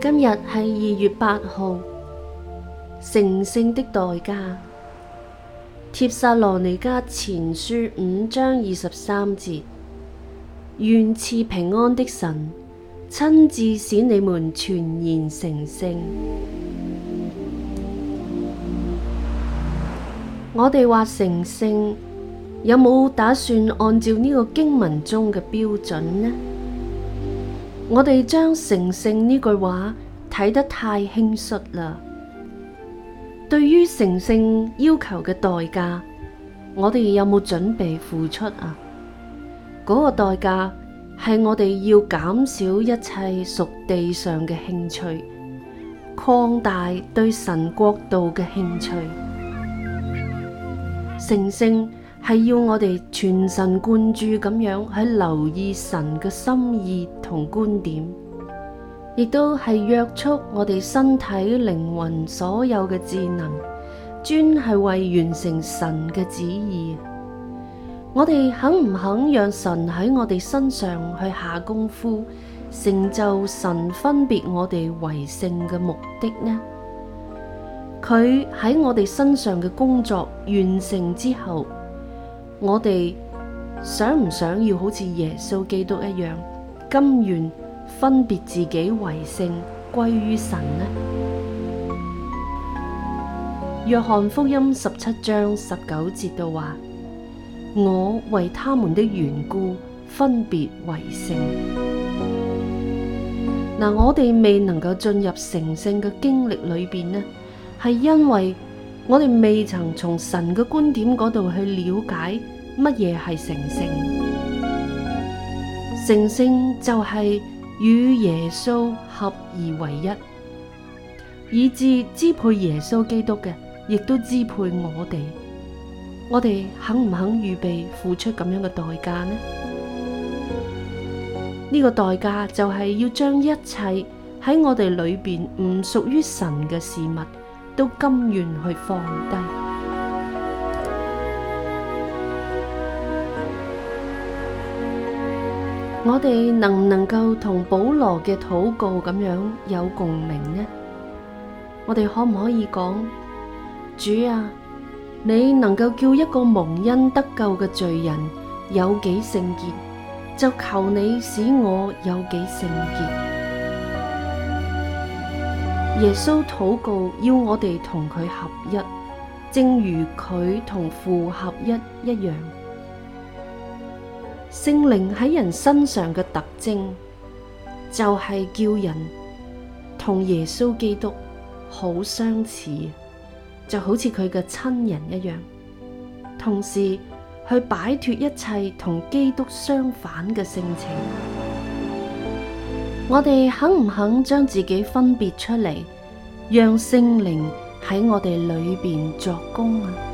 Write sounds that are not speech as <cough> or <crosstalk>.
今日係二月八號，成聖的代價。帖撒羅尼迦前書五章二十三節，願賜平安的神，親自使你們全然成聖。我哋話成聖，有冇打算按照呢個經文中嘅標準呢？我哋將成聖呢句話睇得太輕率啦！對於成聖要求嘅代價，我哋有冇準備付出啊？嗰個代價係我哋要減少一切屬地上嘅興趣，擴大對神國度嘅興趣。成聖。係要我哋全神貫注咁樣去留意神嘅心意同觀點，亦都係約束我哋身體、靈魂所有嘅智能，專係為完成神嘅旨意。我哋肯唔肯讓神喺我哋身上去下功夫，成就神分別我哋為聖嘅目的呢？佢喺我哋身上嘅工作完成之後，我哋想唔想要好似耶穌基督一樣，甘願分別自己為聖，歸於神呢？約翰福音十七章十九節都話：我為他們的緣故，分別為聖。嗱、啊，我哋未能夠進入成聖嘅經歷裏邊呢，係因為。我哋未曾從神嘅觀點嗰度去了解乜嘢係成聖，成聖就係與耶穌合而為一，以致支配耶穌基督嘅，亦都支配我哋。我哋肯唔肯預備付出咁樣嘅代價呢？呢、呢個代價就係要將一切喺我哋裏邊唔屬於神嘅事物。都甘願去放低。 <noise> <noise> 我哋能唔能夠同保羅嘅禱告咁樣有共鳴呢？我哋可唔可以講，主啊，你能夠叫一個蒙恩得救嘅罪人有幾聖潔，就求你使我有幾聖潔。耶穌禱告要我哋同佢合一，正如佢同父合一一樣。聖靈喺人身上嘅特徵，就係叫人同耶穌基督好相似，就好似佢嘅親人一樣。同時去擺脫一切同基督相反嘅性情。我哋肯唔肯將自己分別出嚟，讓聖靈喺我哋裏面作工啊？